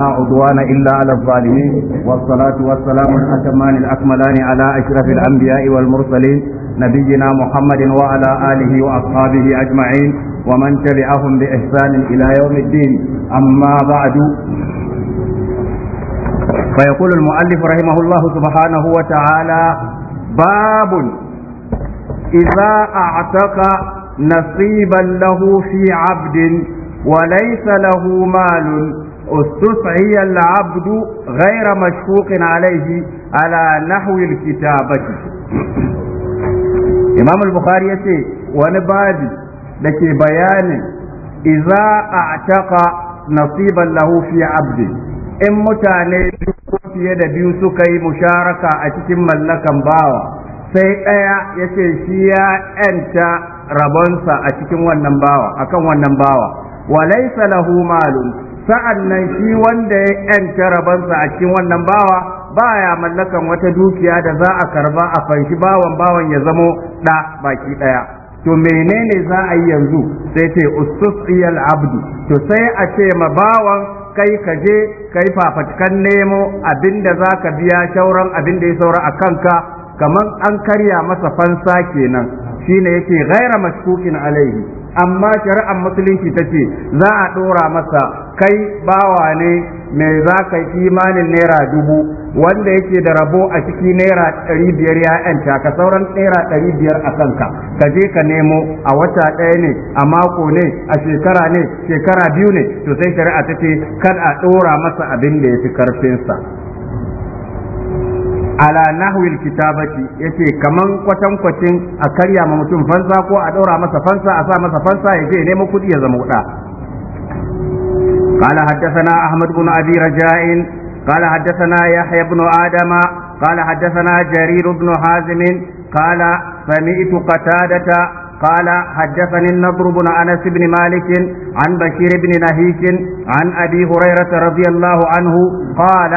لا عدوان إلا على الظالمين والصلاة والسلام الأتمان الأكملان على أشرف الأنبياء والمرسلين نبينا محمد وعلى آله وأصحابه أجمعين ومن تبعهم بإحسان إلى يوم الدين أما بعد فيقول المؤلف رحمه الله سبحانه وتعالى باب إذا أعتق نصيبا له في عبد وليس له مال استسعي العبد غير مشفوق عليه على نحو الكتابة إمام البخاري يسي ونبادي لكي بيان إذا أعتق نصيبا له في عبد in متاني في يد biyu مشاركة yi لك a sai ɗaya ya ce shi ya ‘yanta rabonsa a cikin wannan bawa akan wannan bawa wa laisa lahu malun sa'annan shi wanda ya yanta rabansa a cikin wannan bawa ba ya mallakan wata dukiya da za a karba a fanshi bawan bawan ya zamo ɗa baki ɗaya to menene za a yi yanzu sai ce ustusiyal abdu to sai a ce ma bawan kai ka je kai fafatkan nemo abinda za ka biya shauran abinda ya saura a kanka kamar an karya masa fansa kenan shine yake ghaira mashkukin alaihi amma shari'ar musulunci ta ce za a ɗora masa kai bawa ne mai za ka yi imanin naira dubu wanda yake da rabo a ciki naira ɗari biyar ya ka sauran naira ɗari biyar a kanka ka je ka nemo a wata ɗaya ne a mako ne a shekara ne shekara biyu ne to sai shari'a ta ce kan a ɗora masa abin da ya fi karfinsa ala nahwil kitabati yace kaman kwatan kwatin a karya ma mutum fansa ko a daura masa fansa a sa masa fansa ya je nemo kudi ya zama wuda قال حدثنا أحمد بن أبي رجاء قال حدثنا يحيى بن آدم قال حدثنا جرير بن حازم قال سمعت قتادة قال حدثني النضر بن أنس بن مالك عن بشير بن نهيك عن أبي هريرة رضي الله عنه قال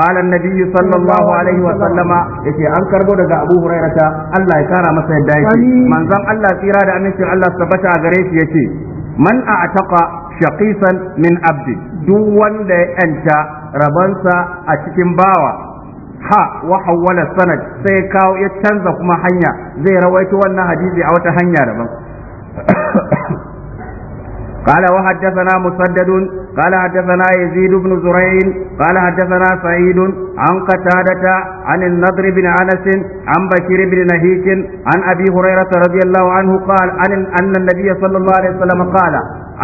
قال النبي صلى الله عليه وسلم يتي أن كربو دقى أبو هريرة الله يكارى مسا يدايتي من زم الله سيرا دا أمشي الله سبتا غريت يتي من أعتق شقيصا من عبد دون دا أنت ربنسا أتكين باوا ha wa hawwala sanad sai kawo ya canza kuma hanya zai rawaito wannan hadisi a wata hanya daban قال وحدثنا مسدد قال حدثنا يزيد بن زريع قال حدثنا سعيد عن قتادة عن النضر بن أنس عن بشير بن نهيك عن أبي هريرة رضي الله عنه قال عن أن النبي صلى الله عليه وسلم قال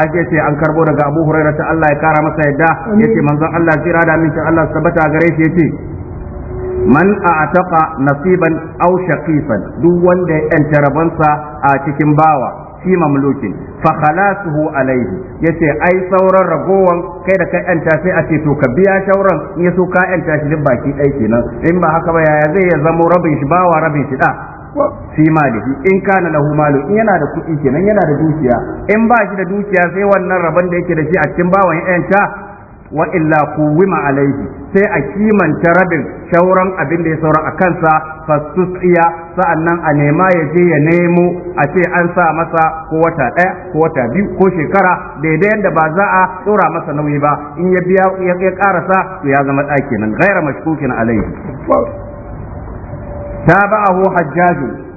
ake ce an karbo daga Abu Hurairah ta Allah ya kara masa yadda yace manzon Allah jira da min Allah a gare shi yace man a'taqa nasiban aw shaqifan duk wanda ya yanta jarabansa a cikin bawa fi mamlukin fa khalasuhu alaihi yace ai sauran ragowan kai da kai yanta sai a ce to ka biya shauran in ya so ka yanta shi din baki ɗaya kenan in ba haka ba yaya zai ya zama rabin shi ba wa rabin shi da fi malihi in kana lahu malu in yana da kuɗi kenan yana da dukiya in ba shi da dukiya sai wannan rabon da yake da shi a cikin bawan yanta wa illa kuwima alaihi sai a kimanta rabin shauran abin da ya saura a kansa sa'an sa'annan a nema ya je ya nemo a ce an sa masa ko wata ɗaya ko wata biyu ko shekara daidai yadda ba za a tsora masa nauyi ba in ya biya ya karasa to ya zama ɗaki nan gaira mashkukin alaihi tabahu hajjaju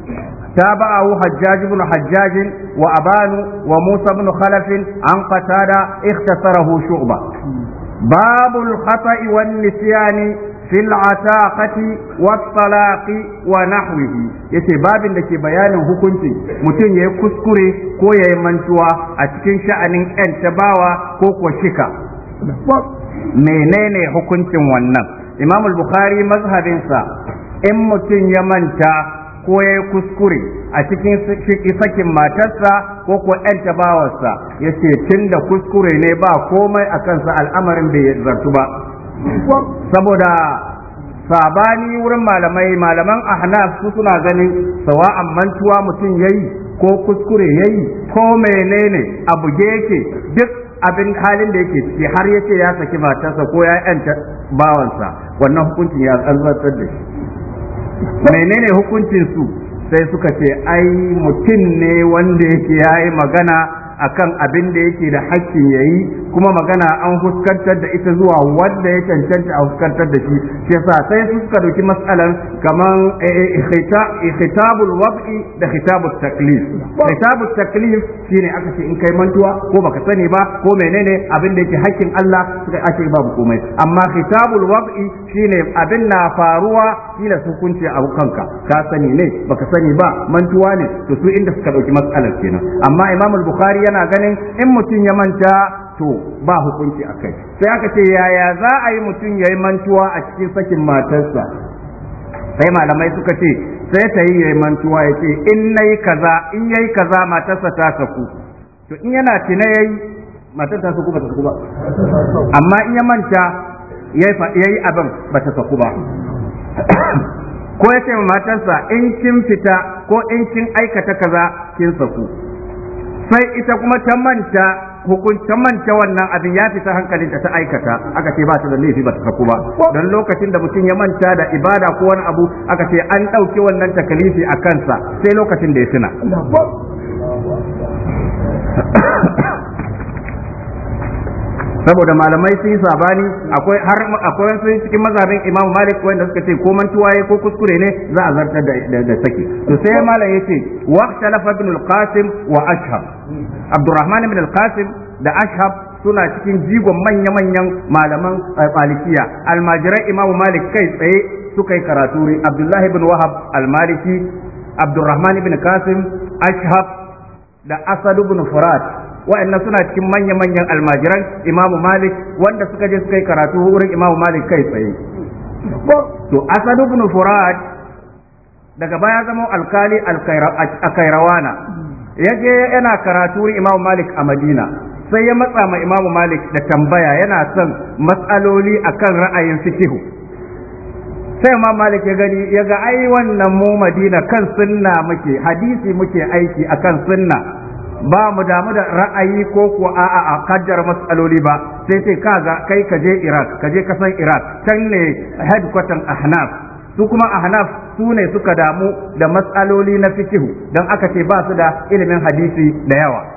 تابعه حجاج بن حجاج وأبان وموسى بن خلف عن قتادة اختصره شعبة باب الخطأ والنسيان في العتاقة والطلاق ونحوه yace babin da ke bayanin hukunci mutum ya yi kuskure ko ya yi mantuwa a cikin sha'anin 'yan tabawa ko kuwa shika menene hukuncin wannan imamul bukhari mazhabinsa in mutum ya manta ko ya yi kuskure a cikin sakin matarsa ko ko ‘yanta bawarsa ya ce tun da kuskure ne ba komai a kansa al'amarin bai zartu ba saboda sabani wurin malamai malaman ahnaf su suna ganin sawa'an mantuwa mutum yi ko kuskure ya yi, ko menene abu yake duk abin halin da yake ciki har yace ya saki matarsa ko ya ‘yanta bawansa wannan hukuncin ya tsantsar da shi menene hukuncin su sai suka ce ai mutum ne wanda yake yayi magana akan abin da yake da hakkin yayi kuma magana an fuskantar da ita zuwa wanda ya cancanta a fuskantar da shi shi yasa sai su suka dauki mas'alar, kaman eh, eh, khitabul wad'i da khitabul taklif khitabul taklif shine aka ce in kai mantuwa ko baka sani ba ko menene abin da yake hakkin Allah suka ake babu komai amma khitabul wad'i shine abin na faruwa kila hukunci a kanka ka sani ne baka sani ba mantuwa ne to su inda suka dauki mas'alar kenan amma Imam bukhari ya. yana ganin in mutum ya manta to ba hukunci a kai sai aka ce yaya za a yi mutum ya yi mantuwa a cikin sakin matarsa sai malamai suka ce sai ta yi ya yi mantuwa ya ce in na yi kaza in yayi kaza matarsa ta saku to in yana tina ya yi matarsa ta saku ba ta saku ba amma in ya manta ya yi abin ba ta saku ba ko ya ce matarsa in kin fita ko in kin aikata kaza kin saku sai ita kuma ta manta hukuncin manta wannan abin ya fita hankalin ta aikata aka ce ba ta da laifi ba ta saku ba don lokacin da mutum ya manta da ibada ko wani abu aka ce an ɗauki wannan takalifi a kansa sai lokacin da ya tuna saboda malamai sun yi sabani akwai har akwai wasu cikin mazhabin Imam Malik wanda suka ce ko mantuwaye ko kuskure ne za a zartar da saki to sai malam yace wa ikhtalafa ibn al-Qasim wa Ashhab Abdurrahman ibn al-Qasim da Ashhab suna cikin jigon manya-manyan malaman eh, malikiya almajirai imam malik kai tsaye suka yi karatu ne abdullahi bin wahab almaliki abdurrahman bin kasim ashab da asad bin furat wa'annan suna cikin manya-manyan almajiran imamu malik wanda suka je suka yi karatu wurin imamu malik kai tsaye to asad ibn furat daga baya zama alkali a kairawana ya je yana karatu wurin imamu malik a madina sai ya matsa ma Imam malik da tambaya yana son matsaloli akan ra'ayin fikihu sai ma malik ya gani ya ga ai wannan mu madina kan sunna muke hadisi muke aiki akan sunna ba mu damu da ra'ayi ko ko a'a a kaddar matsaloli ba sai sai kaga kai ka je Iraq ka je kasan Iraq can ne headquarter Ahnaf su kuma Ahnaf su ne suka damu da matsaloli na fikihu dan aka ce ba su da ilimin hadisi da yawa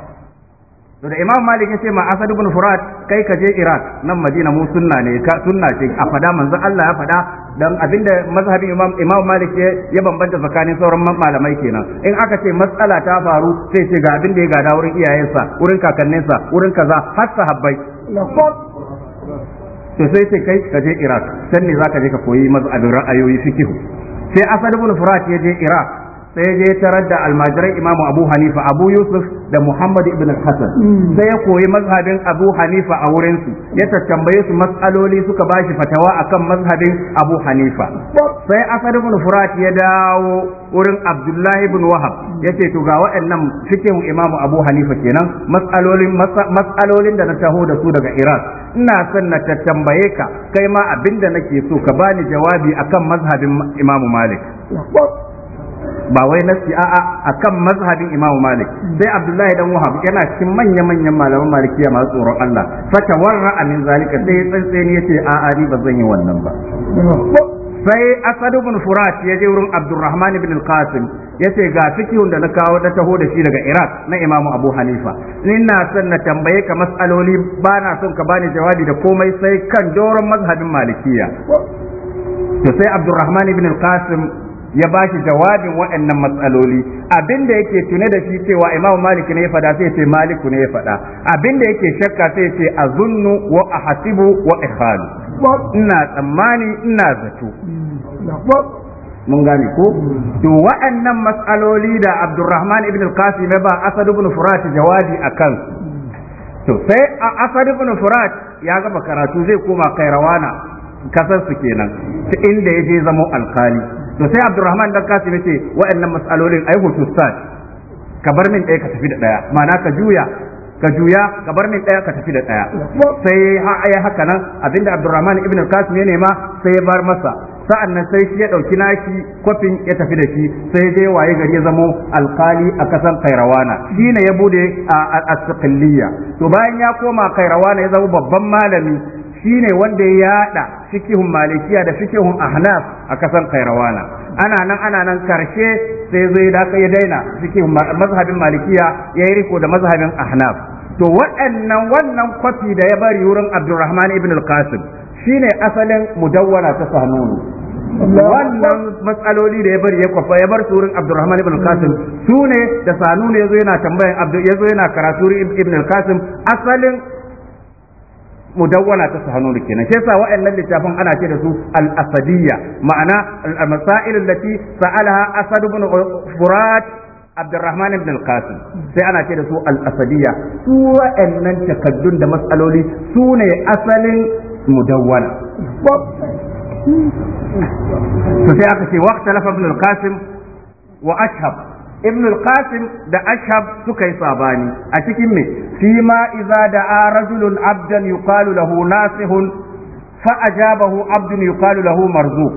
to da imam malik ya ce ma asad ibn furat kai ka je iraq nan madina mu sunna ne ka sunna ce a fada manzo Allah ya fada dan abinda mazhabin imam imam malik ya bambanta tsakanin sauran malamai kenan in aka ce matsala ta faru sai ce ga abinda ya gada wurin iyayensa wurin kakanninsa wurin kaza har sahabbai to sai ce kai ka je iraq sanne zaka je ka koyi mazhabin ra'ayoyi fikihu sai asad ibn furat ya je iraq sai je tarar da almajiran imamu abu hanifa abu yusuf da muhammad ibn hassan hmm. sai ya koyi mazhabin abu hanifa a wurinsu ya tattambaye su matsaloli suka bashi fatawa akan mazhabin abu hanifa sai asad ibn furat ya dawo wurin abdullahi ibn wahab ya ce to ga waɗannan fikin imamu abu hanifa kenan matsalolin da na taho da su daga Iran, ina son na tattambaye ka kai ma abinda nake so ka bani jawabi akan mazhabin imamu malik ba wai nasi a kan mazhabin Imam Malik sai Abdullahi dan Wahab yana cikin manya-manyan malaman Malikiya masu tsoron Allah fatawarra min zalika sai tsantseni yace a'a ni ba zan yi wannan ba sai Asad ibn Furat ya je wurin Abdurrahman ibn al-Qasim yace ga fikihun da na kawo da taho da shi daga Iraq na imamu Abu Hanifa ni na son na tambaye ka mas'aloli ba na son ka bani jawabi da komai sai kan doron mazhabin Malikiya to sai Abdurrahman ibn al-Qasim ya ba shi jawabin waɗannan matsaloli abinda da yake tune da shi cewa imamu maliki ne ya faɗa sai ce maliku ne ya faɗa abin da yake shakka sai ce zunnu, wa hasibu, wa halu. ina tsammani ina zato mun gane ko to waɗannan matsaloli da abdurrahman ibn al-qasim ya ba asad ibn furat jawabi akan to sai asad ibn furat ya gaba karatu zai koma kairawana kasar su kenan ta inda ya je zamo alkali to sai Abdurrahman dan kasim yace wa'annan mas'alolin ai sai ka bar min ɗaya ka tafi da ɗaya ma'ana ka juya ka juya ka bar min ɗaya ka tafi da ɗaya sai ai haka nan abinda Abdurrahman ibn Qasim ya nema sai ya bar masa sa'an nan sai shi ya ɗauki nashi kwafin ya tafi da shi sai dai waye gari ya zamo alkali a kasan kairawana shi ne ya bude a asqilliya to bayan ya koma kairawana ya zama babban malami shine wanda ya yada fikihun malikiya da fikihun ahnaf a kasan kairawana ana nan ana nan karshe sai zai da ya daina fikihun mazhabin malikiya ya yi riko da mazhabin ahnaf to waɗannan wannan kwafi da ya bari wurin abdurrahman ibn al-qasim shine asalin mudawwana ta sahnunu wannan matsaloli da ya bari ya kwafa ya bar surin Abdulrahman ibn al Qasim su ne da sanu ne yazo yana tambayan ya yazo yana karatu ibn al Qasim asalin mudawwana ta sahanun kenan shi yasa wa'annan littafin ana ce da su al ma'ana al-masail allati sa'alaha asad ibn furat Abdurrahman ibn al sai ana ce da su al-asadiyya su wa'annan takaddun da matsaloli sune asalin mudawwana to sai aka ce waqtalafa ibn al-Qasim wa ashhab ibn al-qasim da ashab suka yi sabani a cikin me fi ma idza da'a rajulun abdan yuqalu lahu nasihun fa ajabahu abdun yuqalu lahu marzuq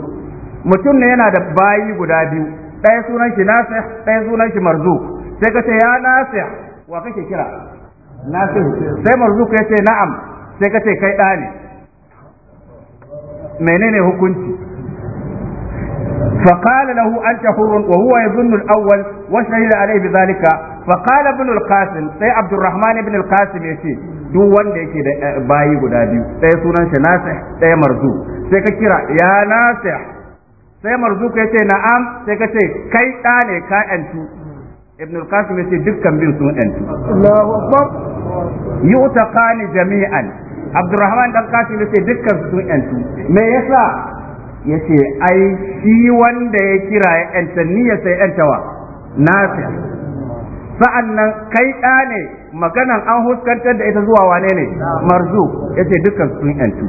mutum ne yana da bayi guda biyu ɗaya sunan shi nasih ɗaya sunan shi marzuq sai ka ce ya nasih wa kake kira nasih sai marzuq ya ce na'am sai ka ce kai ɗa ne menene hukunci فقال له أنت حر وهو يظن الأول وشهد عليه بذلك فقال ابن القاسم سي عبد الرحمن بن القاسم يشي duk wanda yake da bayi guda biyu ɗaya sunan shi nasih ɗaya marzu sai ka kira ya nasih sai marzu ka yace na'am sai ka ce kai ɗa ne ka ƴantu ibn al-qasim yace dukkan bin sun ƴantu Allahu akbar yu'taqani jami'an Abdurrahman dan Qasim yace dukkan sun ƴantu me yasa yace ai shi wanda ya kira ya yanta ya sai yantawa nafi sa'annan kai ɗa ne maganan an huskantar da ita zuwa wane ne marzu yace dukkan sun yantu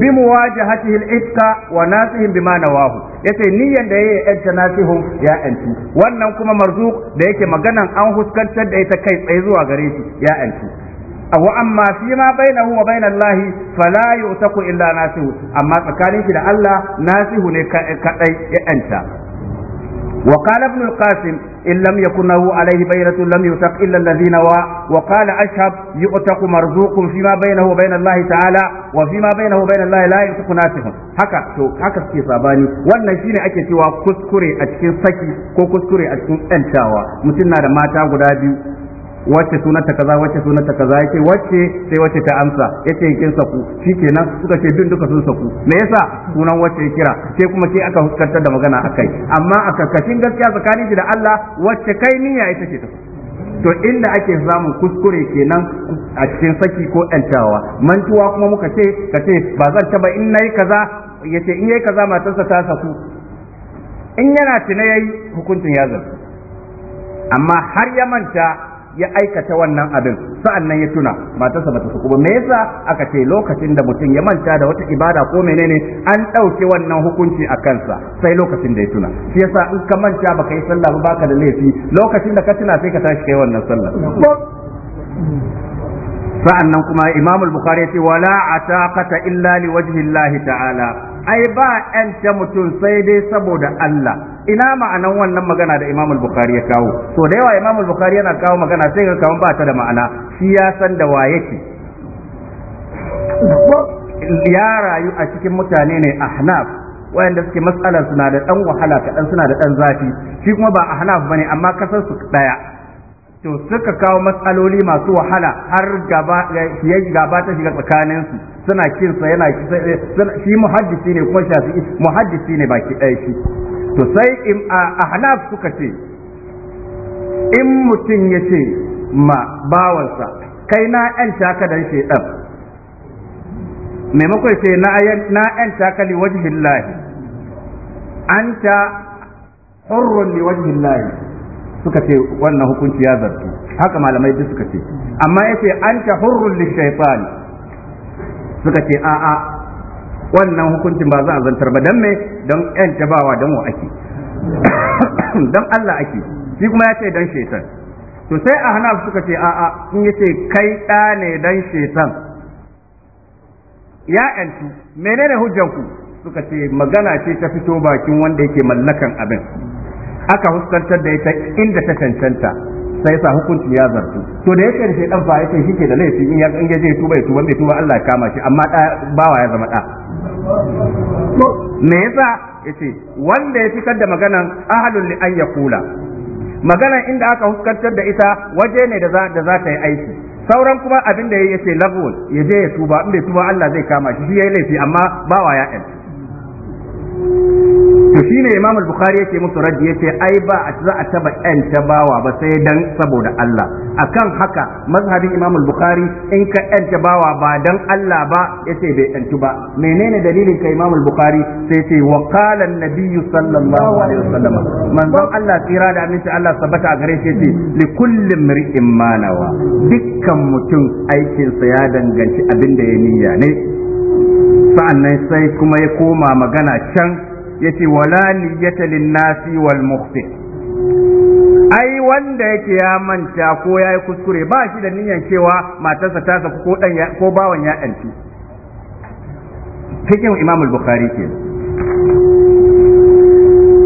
bi muwajahatihi al iska wa bi ma nawahu yace niyyan da yayi yanta nasihum ya yantu wannan kuma marzu da yake maganan an huskantar da ita kai tsaye zuwa gare shi ya yantu wa amma fi ma bainahu wa bainal lahi fala yutaku illa nasihu amma tsakanin shi da Allah nasihu ne kadai ya'anta وقال ابن القاسم إن لم يكن له عليه بينة لم يتق إلا الذين وا وقال أشهب يؤتق مرزوق فيما بينه وبين الله تعالى وفيما بينه وبين الله لا يمسك ناسخ haka to haka suke sabani wannan shine ake cewa kuskure a cikin saki ko kuskure a cikin 'yantawa, mutum na da mata guda biyu wacce sunanta kaza wacce sunanta kaza yace wacce sai wacce ta amsa yace kin saku shikenan suka ce duk duka sun saku me yasa sunan wacce ya kira sai kuma ke aka huskantar da magana akai amma a karkashin gaskiya tsakanin shi da Allah wacce kai niyya ita ce ta to inda ake samun kuskure kenan a cikin saki ko ɗantawa mantuwa kuma muka ce ka ce ba zan taba in nayi kaza yace in yayi kaza matarsa ta saku in yana tuna yayi hukuncin ya zarta amma har ya manta ya aikata wannan abin sa'annan ya tuna matarsa bata suku ba me yasa aka ce lokacin da mutum ya manta da wata ibada ko menene an ɗauke wannan hukunci a kansa sai lokacin da ya tuna shi yasa in ka manta baka yi sallah ba baka da laifi lokacin da ka tuna sai ka tashi kai wannan sallah sa'annan kuma imamul bukhari ya ce wala ataqata illa liwajhillahi ta'ala ai ba ta mutum sai dai saboda Allah ina ma'anan wannan magana da Imam al-Bukhari ya kawo to da yawa Imam al-Bukhari yana kawo magana sai ga kawan ba ta da ma'ana shi ya san da waye yake ya rayu a cikin mutane ne ahnaf wayanda suke matsalar suna da dan wahala kaɗan suna da dan zafi shi kuma ba ahnaf bane amma kasar su daya to suka kawo matsaloli masu wahala har gaba ya gaba ta shiga tsakanin su suna kinsa yana shi muhaddisi ne kuma shafi'i muhaddisi ne baki ɗaya shi to sai in ahnaf suka ce in mutum ya ce ma bawansa kai na yanta ka dan shedan maimakon ce na yanta ka li wajhin lahi anta hurrun li wajhin lahi suka ce wannan hukunci ya zartu haka malamai duk suka ce amma yace anta hurrun li shaytan suka ce a'a wannan hukuncin ba za a zantar ba dan me don yanta jabawa dan wa ake Don Allah ake shi kuma ya ce dan shetan. to sai a hana suka ce a'a in ce kai ɗa ne dan shetan. ya yantu menene hujjanku suka ce magana ce ta fito bakin wanda yake mallakan abin aka huskantar da ita inda ta cancanta sai sa hukunci ya zartu to da yake shaitan fa yake shike da laifi in ya je tuba ya tuba bai tuba Allah ya kama shi amma da bawa ya zama da me yasa yace wanda ya fitar da maganan ahlul li an yaqula maganan inda aka huskantar da ita waje ne da za ta yi aiki sauran kuma abin da yace lagun ya je ya tuba in bai tuba Allah zai kama shi shi yayi laifi amma bawa ya imam al-bukhari yake musu raddi yace ai ba a za a taba yanta bawa ba sai dan saboda Allah akan haka mazhabin imam al-bukhari in ka yanta bawa ba dan Allah ba yace bai yantu ba menene dalilin ka imam al-bukhari sai yace wa qala an-nabiy sallallahu alaihi wasallam manzon Allah tsira da aminci Allah sabata a gare shi yace li kulli imri'in ma nawa dukkan mutum aikinsa ya danganci abin da ya niyya ne sa'annan sai kuma ya koma magana can yace wala niyyata lin-nasi wal mukhti ai wanda yake ya manta ko ya yi kuskure ba shi da niyyar cewa matarsa ta saku ko dan ko bawan ya danci cikin Imam al-Bukhari ke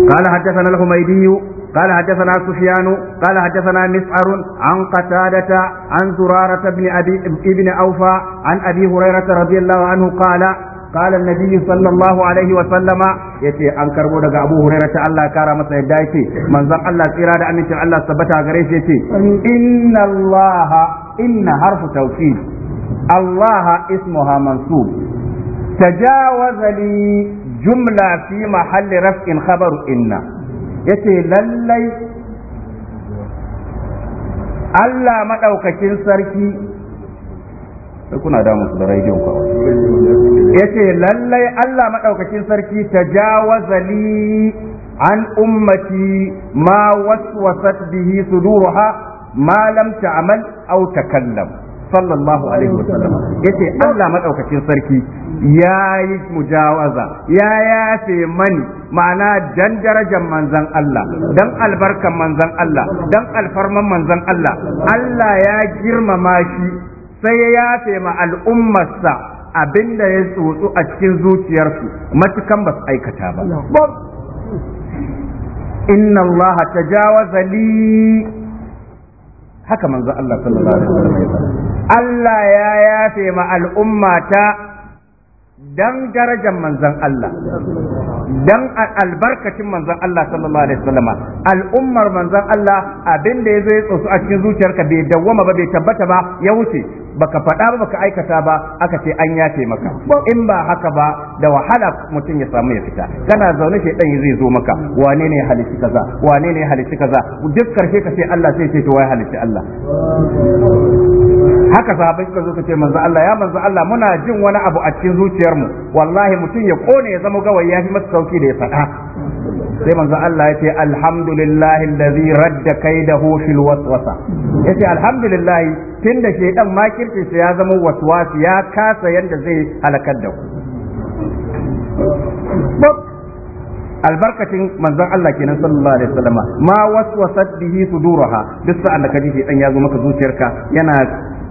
قال حدثنا الحميدي قال حدثنا سفيان قال حدثنا مسعر عن قتادة عن زرارة بن أبي ابن أوفى عن أبي هريرة رضي الله عنه قال قال النبي صلى الله عليه وسلم yace an karbo daga Abu Hurairah ta Allah kara masa yadda yace manzon Allah tsira da amincin Allah tabbata gare shi yace inna Allah inna harfu tawkid Allah ismuha mansub tajawaza li jumla fi mahalli raf'in khabar inna yace lallai Allah madaukakin sarki sai kuna damun su da rediyon Ya yace lallai Allah Maɗaukacin sarki tajawaza li an ummati ma waswasat bihi suduruha ma lam ta'mal aw takallam sallallahu alaihi wasallam ce Allah madaukakin sarki yayi mujawaza ya yafe mani ma'ana dan darajar manzan Allah dan albarkan manzan Allah dan alfarman manzan Allah Allah ya girmama shi sai ya yafe ma al'ummarsa abin da ya tsotsu a cikin zuciyarsu matukan ba su aikata ba inna allaha tajawaza li haka manzo Allah sallallahu alaihi wasallam Allah ya yafe ma al'ummata dan darajar manzon Allah dan albarkacin manzon Allah sallallahu alaihi wasallama al'ummar manzon Allah abin da yazo ya tsotsu a cikin zuciyarka bai dawwama ba bai tabbata ba ya wuce baka faɗa ba baka aikata ba aka ce an yace maka in ba haka ba da wahala mutum ya samu ya fita kana zaune shi dan zai zo maka wane ne halici kaza wane ne halici kaza duk karshe ka ce Allah sai ce to wai halici Allah haka sahabbai suka zo ka ce manzo Allah ya manzo Allah muna jin wani abu a cikin zuciyarmu wallahi mutum ya kone ya zama gawai ya fi masa sauki da ya faɗa sai manzo Allah ya ce alhamdulillahi allazi radda kaidahu fil waswasa yace alhamdulillahi tun da ke shedan makircinsa ya zama waswasi ya kasa yadda zai halakar da ku albarkacin manzon Allah kenan sallallahu alaihi wasallama ma waswasat bihi suduraha duk sa'an da ji shedan ya zo maka zuciyarka yana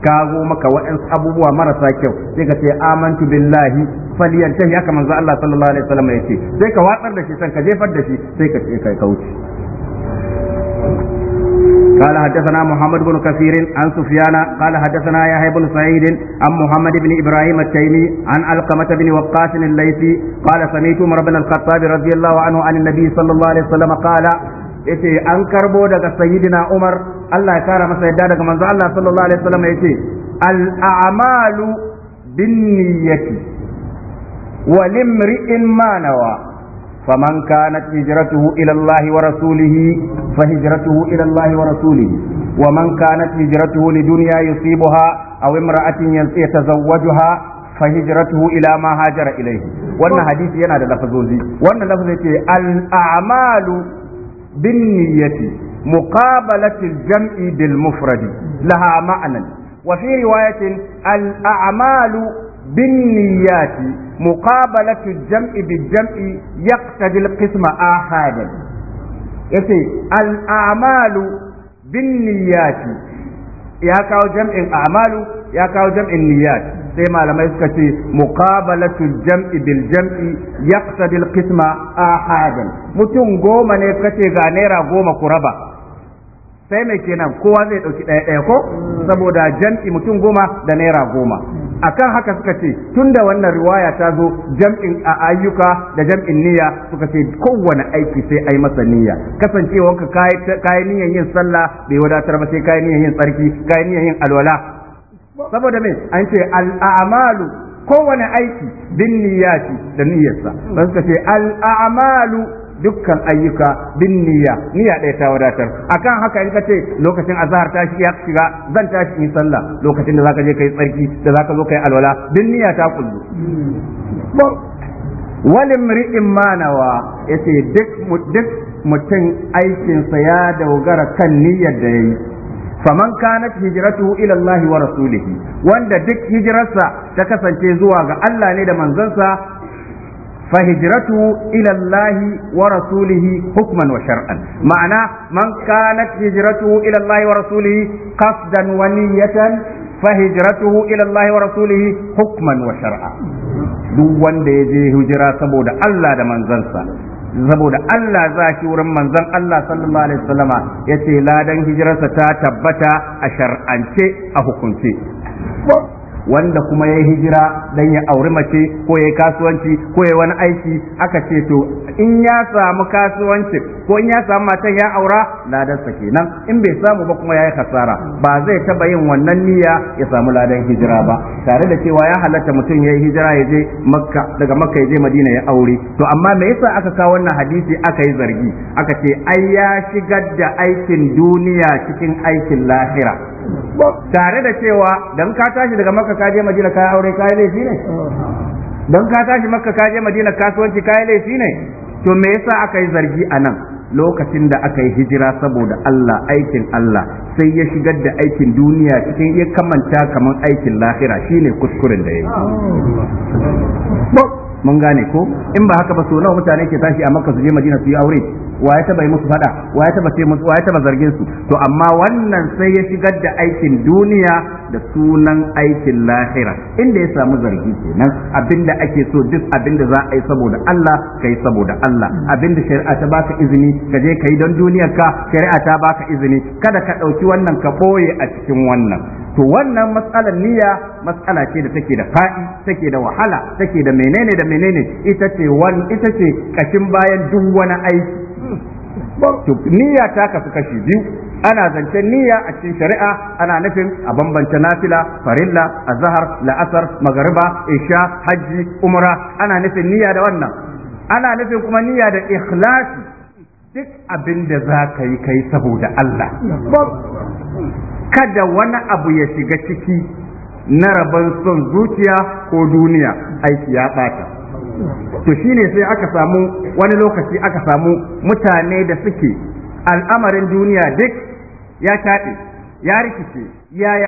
kago maka waɗansu abubuwa marasa kyau sai ka ce amantu billahi faliyantahi haka manzan Allah sallallahu alaihi wasallam ya ce sai ka watsar da shi san ka jefar da shi sai ka ce kai kauce قال حدثنا محمد بن كثير عن سفيان قال حدثنا يحيى بن سعيد عن محمد بن ابراهيم التيمي عن علقمة بن وقاص الليثي قال سمعت عمر بن الخطاب رضي الله عنه عن النبي صلى الله عليه وسلم قال yace an karbo daga sayyidina Umar Allah ya kara masa yadda daga manzo Allah sallallahu alaihi wasallam yace al a'malu bin niyyati wa limri'in ma nawa فمن كانت هجرته إلى الله ورسوله فهجرته إلى الله ورسوله ومن كانت هجرته لدنيا يصيبها أو امرأة يتزوجها فهجرته إلى ما هاجر إليه وأن حديث ينادى لفظوزي وأن لفظوزي الأعمال بالنية مقابلة الجمع بالمفرد لها معنى وفي رواية الأعمال بالنيات مقابلة الجمع بالجمع يقتضي القسم آحادا يسي الأعمال بالنيات يا كاو جمع الأعمال يا كاو جمع النيات sai malamai suka ce muqabalatul jam'i bil jam'i yaqtadi al qisma ahadan mutum goma ne kace ga naira goma ku raba sai mai kenan kowa zai ɗauki ɗaya ɗaya ko saboda jam'i mutum goma da naira goma akan haka suka ce tunda wannan riwaya ta zo jam'in a ayyuka da jam'in niyya suka ce kowane aiki sai ai masa niyya kasancewanka kayi niyyan yin sallah bai wadatar ba sai kayi niyyan yin tsarki kayi niyyan yin alwala saboda me an ce al'amalu kowane aiki bin niyyati da niyyarsa ba suka ce al'amalu dukkan ayyuka bin niyya niyya ɗaya ta wadatar akan haka in ka ce lokacin azhar ta shi ya shiga zan tashi in sallah lokacin da zaka je kai tsarki da zaka zo kai alwala bin niyya ta kullu Wani ri'in manawa yace duk duk mutum aikinsa ya dogara kan niyyar da yayi faman kanat hijratuhu ila Allah wa rasulihi wanda duk hijirarsa ta kasance zuwa ga Allah ne da manzansa فهجرته إلى الله ورسوله حكما وشرعا معنى من كانت هجرته إلى الله ورسوله قصدا ونية فهجرته إلى الله ورسوله حكما وشرعا duk wanda ya je hijira saboda Allah da manzansa saboda Allah za shi wurin manzan Allah sallallahu alaihi wasallama yace ladan hijirarsa ta tabbata a shar'ance a hukunce wanda kuma ya hijira dan ya auri mace ko ya kasuwanci ko ya wani aiki aka ce to in ya samu kasuwanci ko in ya samu matan ya aura ladansa kenan in bai samu ba kuma ya yi hasara ba zai taba yin wannan niyya ya samu ladan hijira ba tare da cewa ya halatta mutum ya yi hijira ya je makka daga makka ya je madina ya aure to amma me yasa aka kawo wannan hadisi aka yi zargi aka ce ai ya shigar da aikin duniya cikin aikin lahira tare da cewa dan ka tashi daga makka ka je madina ka aure ka yi laifi ne dan ka tashi makka ka je madina kasuwanci ka yi laifi ne to me yasa aka yi zargi a nan lokacin da aka yi hijira saboda Allah aikin Allah sai ya shigar da aikin duniya cikin ya kamanta kamar aikin lahira shine kuskuren da ya yi mun gane ko in ba haka ba so nawa mutane ke tashi a makka su je madina su yi aure wa ya taba yi musu fada wa ya taba ce musu wa ya zargin su to amma wannan sai ya shigar da aikin duniya da sunan aikin lahira inda ya samu zargi kenan abinda ake so duk abinda za a yi saboda Allah kai saboda Allah abinda shari'a ta baka izini ka je kai don duniyar ka shari'a ta baka izini kada ka dauki wannan ka boye a cikin wannan to wannan matsalar niyya matsala ce da take da faɗi take da wahala take da menene da menene ita ce wani ita ce kashin bayan duk wani aiki to niyya ta kafi kashi biyu ana zancen niyya a cikin shari'a ana nufin a bambance nafila farilla azhar la'asar magariba isha hajji umra ana nufin niyya da wannan ana nufin kuma niyya da ikhlasi duk abin da za ka yi kai saboda Allah kada wani abu ya shiga ciki na rabon son zuciya ko duniya aiki ya ɓata to shine sai aka samu wani lokaci aka samu mutane da suke al'amarin duniya duk ya taɗe ya rikice ya